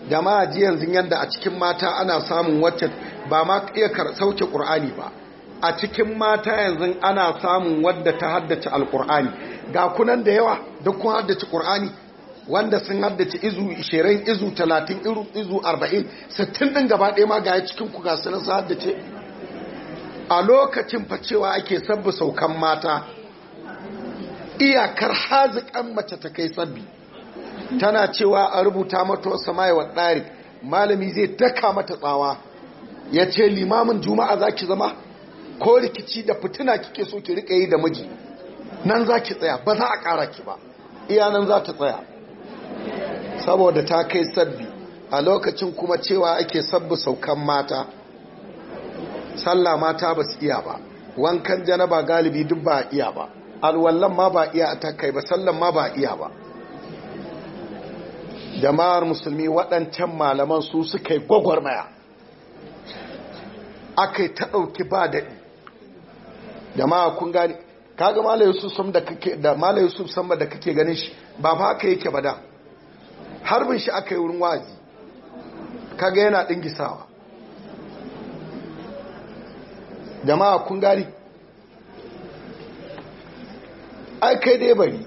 jama'a ji yanzu yadda a cikin mata ana samun wacce ba ma iya sauke ƙur'ani ba a cikin mata yanzu ana samun wadda ta haddace alƙur'ani ga kunan da yawa duk kun haddace ƙur'ani wanda sun haddace izu 20 izu 30 izu 40 sittin din gaba ɗaya ma ga cikin ku ga sun haddace a lokacin facewa ake sabbi saukan mata iyakar haziƙan mace ta kai sabbi tana cewa a rubuta mata wasu wa ɗari malami zai daka mata tsawa ya ce limamin juma'a za ki zama ko rikici da fituna kike so ki riƙe yi da miji nan za ki tsaya ba za a ƙara ki ba iya nan za ta tsaya saboda ta kai sabbi a lokacin kuma cewa ake sabbi saukan mata sallah mata ba su iya ba wankan janaba galibi duk ba iya ba alwallan ma ba iya a takai ba sallan ma ba iya ba jama'ar musulmi waɗancan malaman su suka yi gwagwarmaya aka yi ta ɗauki ba daɗi jama'a kun gani kaga malayi su sama da kake ganin shi ba ba haka yake ba da harbin shi aka yi wurin wazi kaga yana dingisawa jama'a kun gari ai kai dai bari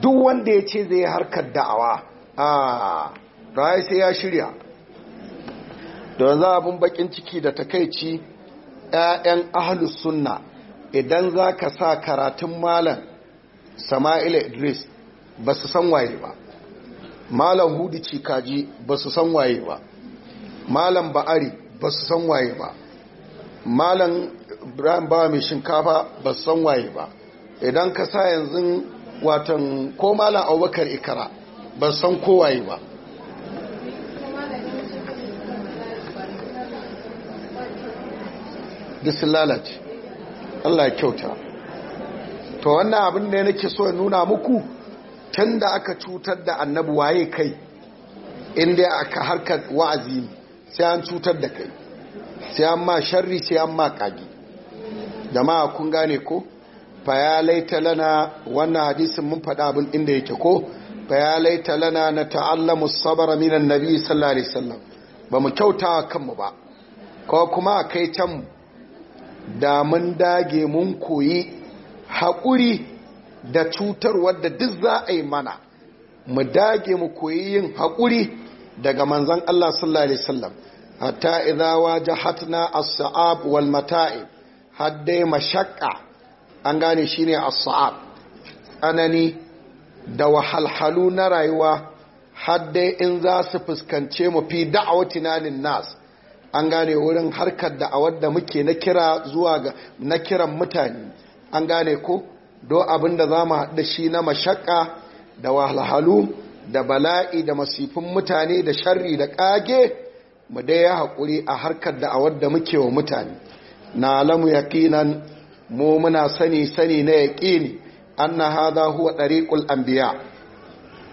duk wanda ya ce zai harkar da'awa a rayu sai ya shirya don za abin bakin ciki da takaici 'ya'yan ahalus sunna idan za ka sa karatun malam sama'ila idris ba su san waye ba malam hudu kaji ba su san waye ba malam ba'ari ba su san waye ba malam ibrahim ba mai shinkafa ba su san waye ba idan ka sa yanzu watan ko malam abubakar ikara ba su san kowaye ba duk allah ya kyauta to wannan abin da nake so nuna muku tun da aka cutar da annabu waye kai inda aka harkar wa'azi sai an cutar da kai sai an ma sharri sai an ma kagi jama'a kun gane ko fayalaita lana wannan hadisin mun faɗa abin inda yake ko fayalaita lana na ta'allamu sabara minan nabi sallallahu alaihi wasallam ba mu kyauta kanmu ba ko kuma kai can da mun dage mun koyi haƙuri da cutar wadda duk za a yi mana mu dage mu koyi yin haƙuri daga manzan Allah sallallahu alaihi wasallam hatta idza wajahatna as-sa'ab wal mata'ib haddai mashaqqa an gane shine as-sa'ab anani da wahalhalu na rayuwa haddai in za su fuskance mu fi da'awatina lin nas an gane wurin harkar da'awar da muke na kira zuwa ga na kiran mutane an gane ko do abinda za mu haɗu shi na mashaƙa da wahalhalu da bala'i da masifin mutane da sharri da ƙage mu dai ya haƙuri a harkar da a wadda muke wa mutane na alamu yaƙinan mu muna sani sani na yaƙini an na hada huwa ɗariƙul ambiya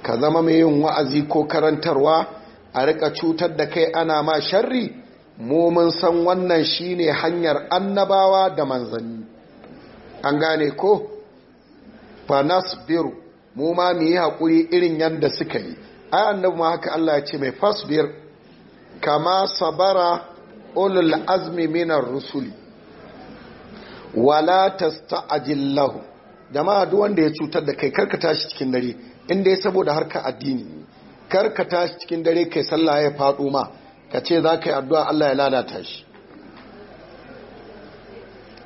ka zama mai yin wa'azi ko karantarwa a riƙa cutar da kai ana ma sharri mu mun san wannan shine hanyar annabawa da manzanni an gane ko fanasbiru mu ma mu yi haƙuri irin yadda suka yi ai annabi ma haka Allah ya ce mai fasbir kama sabara ulul azmi minar rusuli wala tasta'jil lahu jama'a duk wanda ya cutar da kai karka tashi cikin dare inda ya saboda harka addini karka tashi cikin dare kai sallah ya faɗo ma ka ce za ka yi addu'a Allah ya lalata shi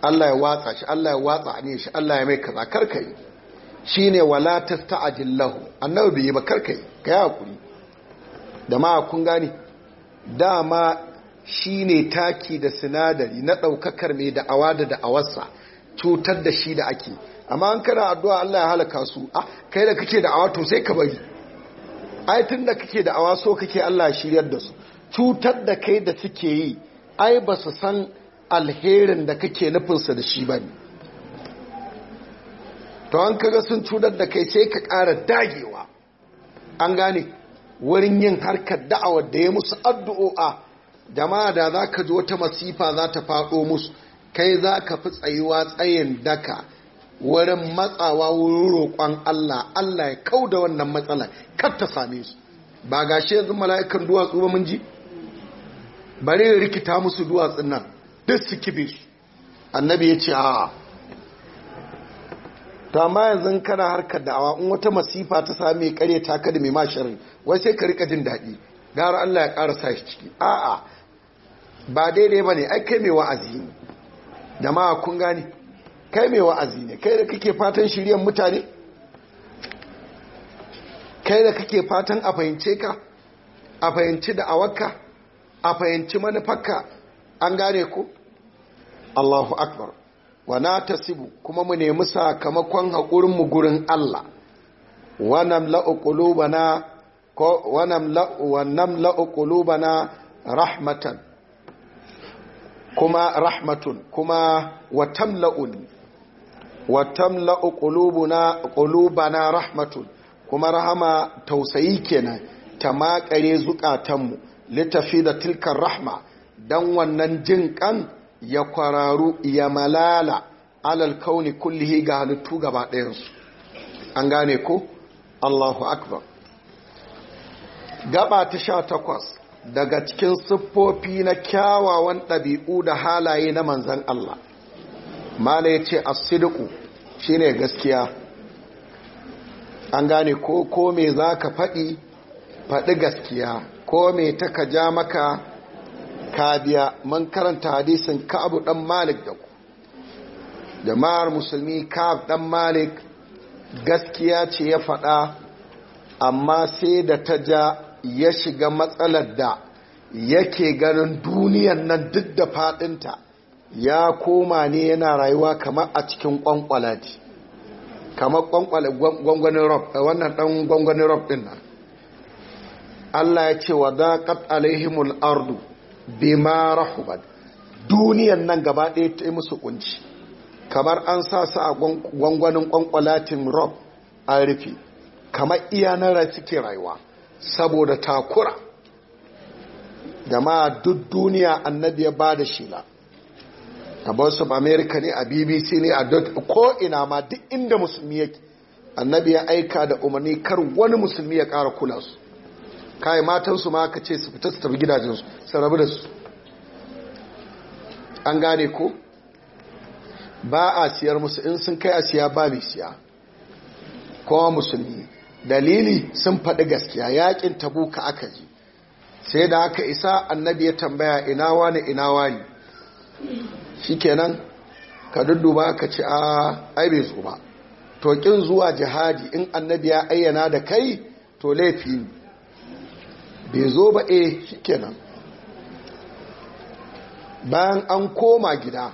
Allah ya watsa shi Allah ya watsa ne shi Allah ya mai kaza karkai yi Shi ne wala tasta'jil lahu annabi bai ba karkai kai hakuri da ma kun gane dama shi ne taki da sinadari na daukakar mai da'awa da da'awarsa cutar da shi da ake amma an kana addu'a Allah ya halaka su A kai da kake da'awa to sai ka bari ai tun da kake da'awa so kake Allah ya shiryar da su cutar da kai da suke yi ai ba su san alherin da kake nufinsa da shi ba ne to an kaga sun cutar da kai sai ka ƙara dagewa an gane wurin yin harkar da'awar da ya musu addu'o'a jama'a da za ka ji wata masifa za ta faɗo musu kai za ka fi tsayuwa tsayin daka wurin matsawa wurin roƙon Allah Allah ya kau da wannan matsalar kar ta same su ba gashi yanzu mala'ikan duwatsu ba mun ji bare rikita musu duwatsun nan duk su kibe su annabi ya ce a'a to amma yanzu kana harkar da'awa in wata masifa ta same kare ta kada mai masharin wai sai ka rika jin daɗi gara Allah ya ƙara sa shi ciki a'a ba daidai ba ne ai kai mai wa'azi ne da ma kun gane kai mai wa'azi ne kai da kake fatan shiryan mutane kai da kake fatan a fahimce ka a fahimci da'awarka a fahimci manufarka an gane ku Allahu akbar wa na tasibu kuma mu nemi sakamakon haƙurinmu gurin Allah wannan la'ukulubana rahmatan kuma rahmatun kuma watan la'uli watan la'ukulubana rahmatun kuma rahama tausayi kenan ta makare zuƙatanmu littafi da tilkar rahma don wannan jin kan ya kwararu ya malala alal kauni kullihi ga halittu gaba ɗayansu an gane ko allahu akbar gaba ta sha takwas daga cikin siffofi na kyawawan ɗabi'u da halaye na manzan Allah mala ya ce asidiku shi ne gaskiya an gane ko ko me za ka faɗi faɗi gaskiya ko me ta ka ja maka Kabiya biya man karanta hadisin ka'abu dan malik da ku jama'ar musulmi ka'ab dan malik gaskiya ce ya faɗa amma sai da ta ja ya shiga matsalar da yake ganin duniyan nan duk da faɗinta ya koma ne yana rayuwa kamar a cikin ƙwanƙwalati kamar gwangwanin rob eh, wannan ɗan gwangwanin rob ɗin nan Allah ya ce wa za ƙat alaihimul ardu bima rahubat duniyan nan gaba ɗaya ta yi musu kunci kamar an sa su a gwangwanin kwankwalatin rob an rufe kamar iya na ke rayuwa saboda takura jama'a duk duniya annabi ya ba da shila a voice of america ne a bbc ne a ko ina ma duk inda musulmi yake annabi ya aika da umarni kar wani musulmi ya kara kula su kai matansu ma aka ce su fita su tafi gidajensu su rabu da su an gane ko ba a siyar musu in sun kai a siya ba mai siya kowa musulmi dalili sun faɗi gaskiya yakin ka aka ji sai da aka isa annabi ya tambaya ina wani ina wani shikenan ka dudduba ka ci a ai bai zo ba to kin zuwa jihadi in annabi ya ayyana da kai to laifi ne bai zo ba e shikenan bayan an koma gida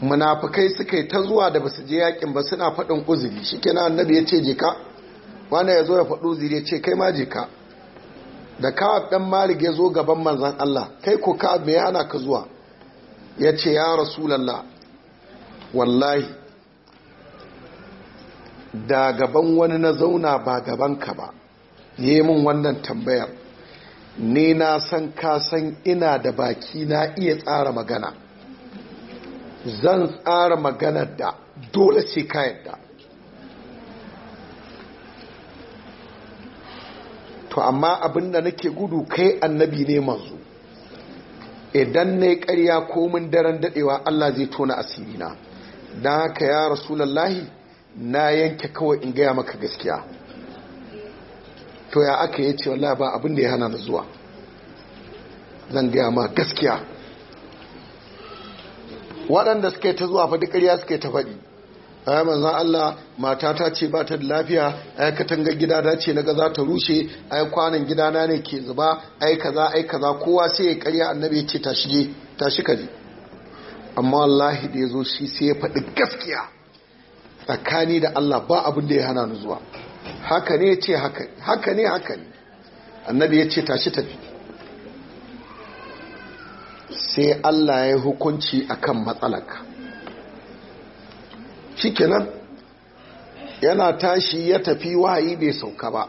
munafukai suka yi ta zuwa da basu je yakin ba suna faɗin uzuri shikenan annabi ya ce jika wani ya zo ya faɗi uzuri ya ce kai ma jika da kawab dan malik ya zo gaban manzan Allah kai ko kawab mai ana ka zuwa ya ce ya wallahi da gaban wani na zauna ba gaban ka ba yi min wannan tambayar ni na san ka san ina da baki na iya tsara magana zan tsara magana da dole ce kayan da. to amma abinda nake gudu kai annabi ne manzo idan na yi ƙarya komin daren daɗewa Allah zai tona asirina na haka ya rasulallahi na yanke kawai in gaya maka gaskiya to ya aka yi ce wa ba abin da ya hana ni zuwa zan gaya ma gaskiya waɗanda suke ta zuwa faɗi ƙarya suke ta faɗi A ai manzan Allah mata ta ce ba ta da lafiya A ai katangar gida da ce na za ta rushe A yi kwanan gida na ne ke zuba A yi kaza ai kaza kowa sai ya ƙarya annabi ya ce ta je tashi amma wallahi da ya zo shi sai ya faɗi gaskiya tsakani da Allah ba abin da ya hana ni zuwa haka ne ce haka haka ne haka ne annabi ya ce tashi tafi sai Allah ya hukunci a akan matsalaka shikenan yana tashi ya tafi wahayi bai sauka ba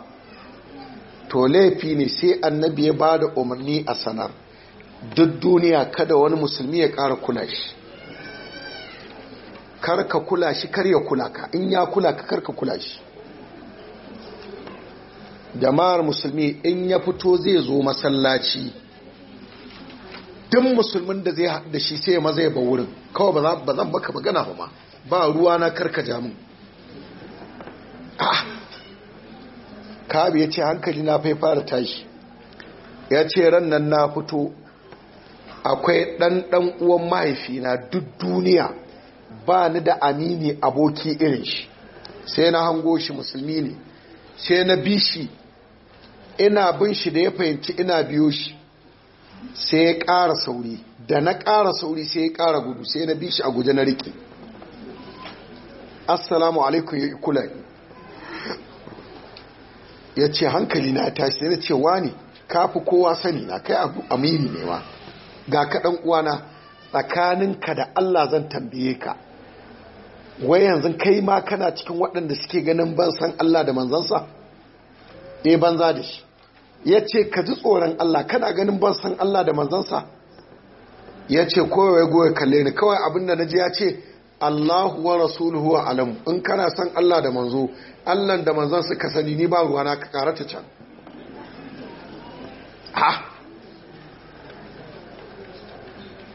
to laifi ne sai annabi ya ba da umarni a sanar duk duniya kada wani musulmi ya ƙara kula shi ka kula shi kar ya kula ka in ya kula ka karka kula shi jama'ar musulmi in ya fito zai zo masallaci duk musulmin da zai haɗu da shi sai maza ya ba wurin kawai ba zan baka magana ba ma ba ruwa na karka jamin ah! kabi ya ce hankali na fai fara tashi ya ce ran nan na fito akwai ɗan ɗan uwan mahaifi na duk duniya ba ni da amini aboki irin shi sai na hango shi musulmi ne sai na bi shi ina bin shi da ya fahimci ina biyo shi sai ya ƙara sauri da na ƙara sauri sai ya ƙara gudu sai na bi shi a guje na riƙe assalamu alaikum ya kula ya ce hankali na tashi sai na ce wani kafi kowa sani na kai abu amiri ne ma ga kaɗan uwana ka da allah zan tambaye ka wai yanzu kai ma kana cikin waɗanda suke ganin ban san allah da manzansa ya e, banza da shi ya ce ka ji tsoron Allah kana ganin ban san Allah da manzansa ya ce kowai goya kalle ni kawai abin da na ji ya ce Allahu wa rasuluhu huwa alam in kana san Allah da manzo Allah da manzansa ka sani ni ba ruwa na ka karata can ha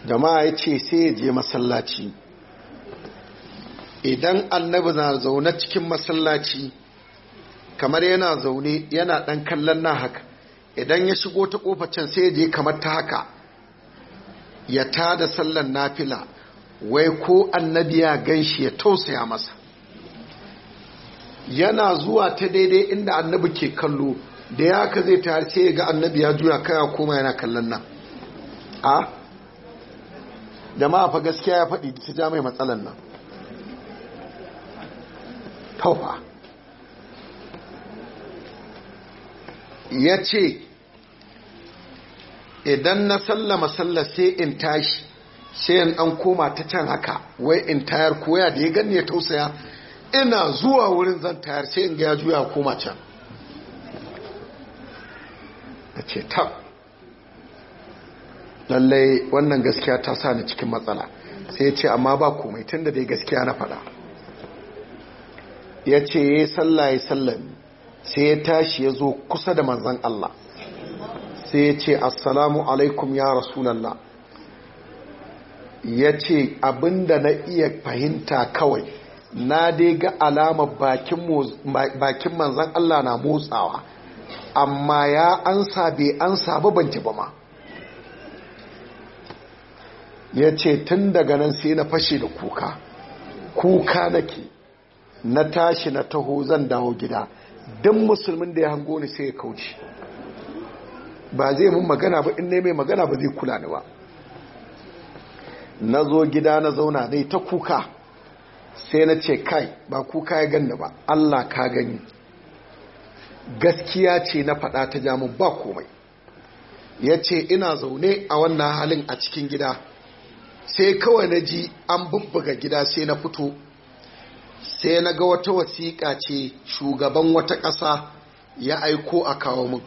jama'a ya ce sai ya je masallaci idan annabi na zaune cikin masallaci kamar yana zaune yana dan kallon nan haka idan ya shigo ta kofa can sai ya je kamar ta haka ya ta da sallan nafila wai ko annabi ya ganshi ya tausaya masa yana zuwa ta daidai inda annabi ke kallo da ya ka zai ta sai ya ga annabi ya juya kaya koma yana kallon nan a jama'a fa gaskiya ya faɗi ta ja mai matsalan nan taufa ya ce idan na sallama sallar sai in tashi sai in an koma ta can haka wai in tayar koya da ya gani ya tausaya ina zuwa wurin zan tayar sai in ga ya juya koma can a ce ta lallai wannan gaskiya ta sa ni cikin matsala sai ya ce amma ba komai tun da dai gaskiya na faɗa ya ce ya yi salla ya sallami sai ya tashi ya zo kusa da manzan Allah sai ya ce assalamu alaikum ya rasulallah ya ce abinda na iya fahimta kawai na dai ga alama bakin manzan Allah na motsawa amma ya ansa bai ansa ba banci ba ma ya ce tun daga nan sai na fashe da kuka kuka nake na tashi na taho zan dawo gida don musulmin da ya hango ni sai ya kauce ba zai mun magana ba in ne mai magana ba zai kula ni ba na zo gida na zauna dai ta kuka sai na ce kai ba kuka ya ganni ba allah ka gani gaskiya ce na faɗa ta jamun ba komai ya ce ina zaune a wannan halin a cikin gida sai kawai na ji an bubbuga gida sai na fito sai na ga wata wasiƙa ce shugaban wata ƙasa ya aiko a kawo min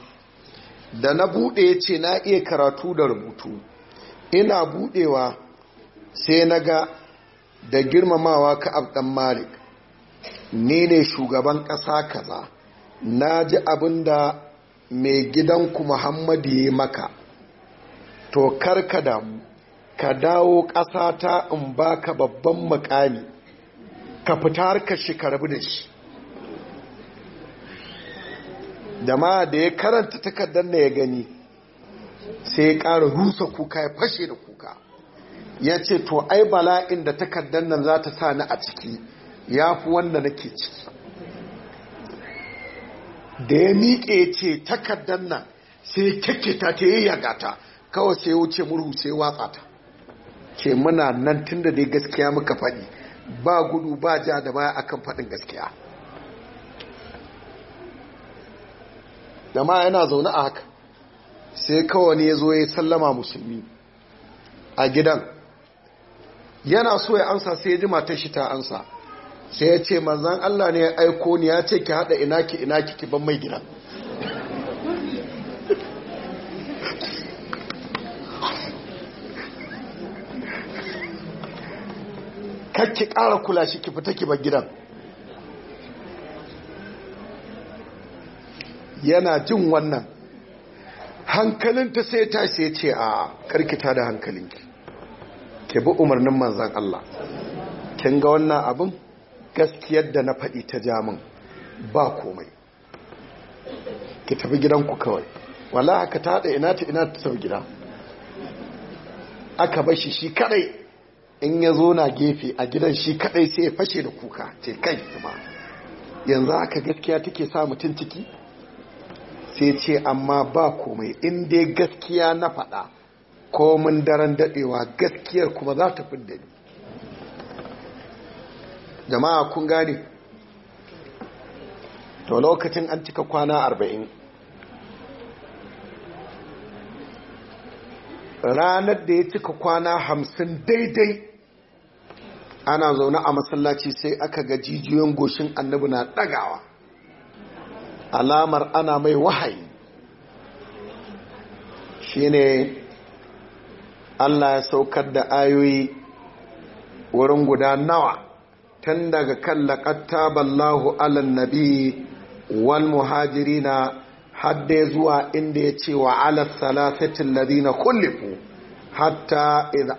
da na buɗe ce na iya karatu da rubutu ina buɗewa sai na ga da girmamawa ka abdan malik Ni ne shugaban ƙasa kaza na ji abin da mai gidanku muhammadu ya maka to karka damu ka dawo ƙasata in baka babban makami ka fita harkar shi ka rabu da shi da ma da ya karanta takardar da ya gani sai ya ƙara rusa kuka ya fashe da kuka ya ce to ai bala'in da takardar nan za ta sa ni a ciki ya fi wanda nake ciki da ya miƙe ce takardar nan sai kyakke ta ta yi yagata kawai sai wuce murhu sai watsa ta ke muna nan tun da dai gaskiya muka faɗi ba gudu ba ja da baya akan faɗin gaskiya da ma yana zaune a haka sai kawai ya zo ya sallama musulmi a gidan yana so ya ansa sai ya ji matar shi ta ansa sai ya ce manzan Allah ne ya aiko ni ya ce ki haɗa ina ki ina ki ban mai gidan kakki kara kula shi ki fita ki bar gidan yana jin wannan hankalinta sai ta sai ce a karkita da hankalinki ke bi umarnin manzan Allah kin ga wannan abin gaskiyar da na faɗi ta jamin ba komai ki tafi gidanku kawai wala haka ta haɗa ina ta ina ta tafi gida aka bashi shi kadai in ya zo na gefe a gidan shi kadai sai ya fashe da kuka ce kai kuma yanzu haka gaskiya take sa mutum ciki sai ce amma ba komai in dai gaskiya na faɗa komin daren daɗewa gaskiyar kuma za ta fidda ni jama'a kun gane to lokacin an cika kwana arba'in ranar da ya cika kwana hamsin daidai ana zaune a masallaci sai aka ga jijiyoyin goshin annabi na ɗagawa alamar ana mai wahayi shine Allah ya saukar da ayoyi wurin guda nawa tun daga kan laƙatta ballahu alan nabi wal muhajirina hadde zuwa inda ya ce wa ala salasatin ladina kullifu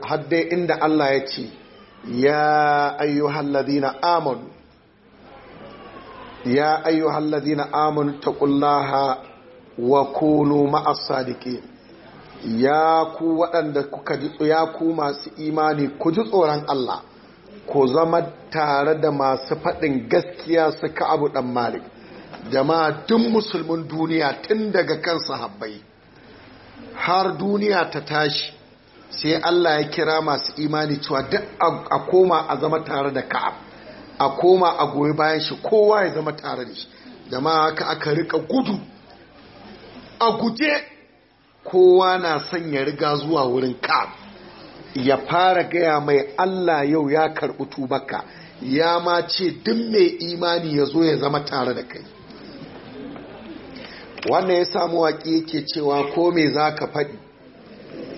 hadde inda Allah ya ce Ya أيها الذين آمنوا ta أيها الذين آمنوا اتقوا الله وكونوا waɗanda kuka ji ya ku masu imani ku ji tsoron Allah ku zama tare da masu faɗin gaskiya su abu ɗan malik jama'a tun musulmin duniya tun daga kan sahabbai har duniya ta tashi sai Allah ya kira masu imani cewa duk a koma a zama tare da ka a koma a goyi bayan shi kowa ya zama tare da shi jama'a haka aka rika gudu a guje kowa na son ya riga zuwa wurin ka ya fara gaya mai Allah yau ya karɓi tubaka ya ma ce duk mai imani ya zo ya zama tare da kai wannan ya samu waƙi yake cewa ko me za ka faɗi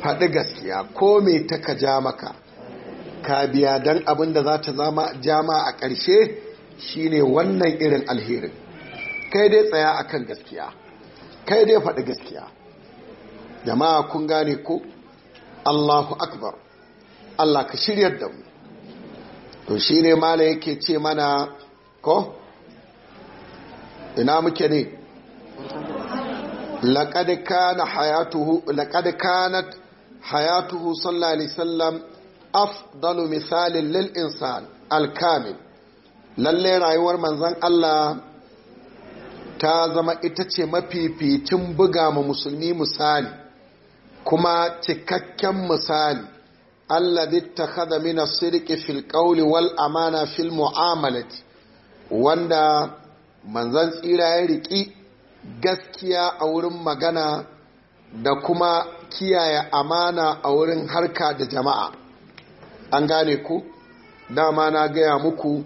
faɗi gaskiya ko me taka ka ja maka ka biya don abin da za ta jama a ƙarshe shine wannan irin alherin kai dai tsaya akan gaskiya kai dai faɗi gaskiya jama'a kun gane ko allahu akbar allah ka shiryar da mu to shi ne mala yake ce mana ko ina muke ne laƙad na. hayatuhu sallallahu alaihi wasallam afdalu misalin lil insan alkamil lalle rayuwar manzon Allah ta zama ita ce mafificin buga ma musulmi misali kuma cikakken misali Allah takhadha min as-sidqi fil qawli wal amana fil mu'amalati wanda manzon tsira ya riki gaskiya a wurin magana da kuma kiyaye amana a wurin harka da jama'a an gane ku dama na gaya muku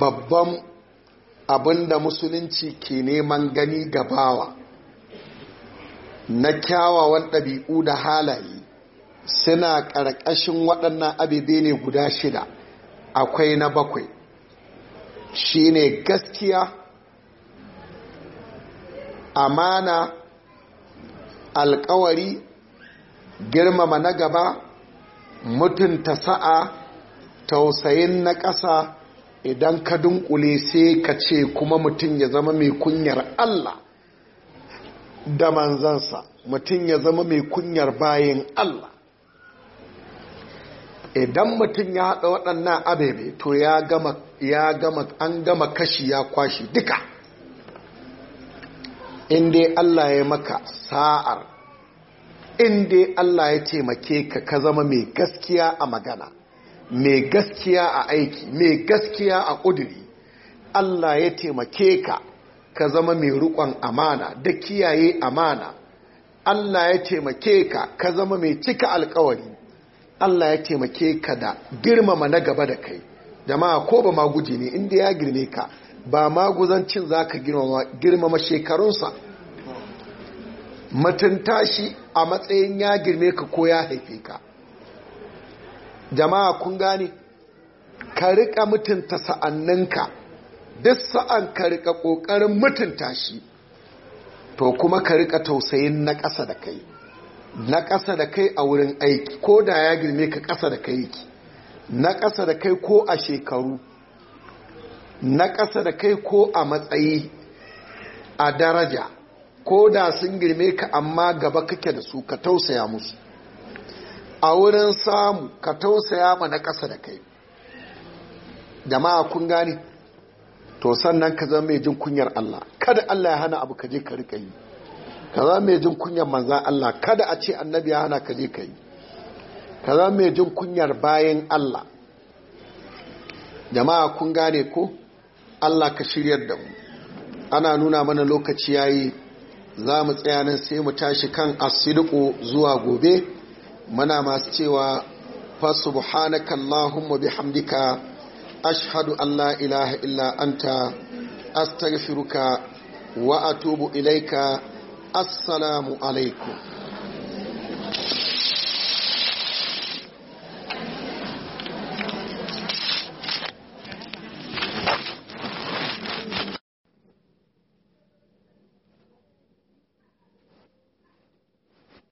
babban abin da musulunci ke neman gani gabawa na kyawawan ɗabi'u da halaye suna ƙarƙashin waɗannan abebe ne guda shida akwai na bakwai shine gaskiya amana alkawari girmama na gaba mutunta sa'a tausayin na ƙasa idan ka dunkule sai ka ce kuma mutum ya zama mai kunyar Allah da manzansa mutum ya zama mai kunyar bayan Allah idan mutum ya haɗa waɗannan abebe to ya gama an gama kashi ya kwashi duka in dai Allah ya maka sa'ar in dai Allah ya taimake ka ka zama mai gaskiya a magana mai gaskiya a aiki mai gaskiya a ƙuduri Allah ya taimake ka ka zama mai riƙon amana da kiyaye amana Allah ya taimake ka ka zama mai cika alkawari Allah ya taimake ka da girmama na gaba da kai jama'a ko ba ma guji ne in dai ya girme ka ba maguzancin za ka girmama shekarunsa matunta shi a matsayin ya girme ka ko ya haife ka jama'a kun gane ka rika mutunta ka duk sa'an ka rika ƙoƙarin mutunta shi to kuma ka rika tausayin na ƙasa da kai na ƙasa da kai a wurin aiki ko da ya girme ka ƙasa da kai na ƙasa da kai ko a shekaru na ƙasa da kai ko a matsayi a daraja ko da sun girme ka amma gaba kake da su ka tausaya musu a wurin samu ka tausaya ma na ƙasa da kai jama'a kun gane to sannan ka zama mai jin kunyar Allah kada Allah ya hana abu ka je ka rika yi ka zama mai jin kunyar manzan Allah kada a ce annabi ya hana ka je ka yi ka zama mai jin kunyar bayan Allah jama'a kun gane ko Allah ka shiryar da mu ana nuna mana lokaci yayi za mu tsaya nan sai mu tashi kan asidiku zuwa gobe mana masu cewa fa subhanaka allahumma bihamdika ashhadu an la ilaha illa anta astaghfiruka wa atubu ilaika assalamu alaikum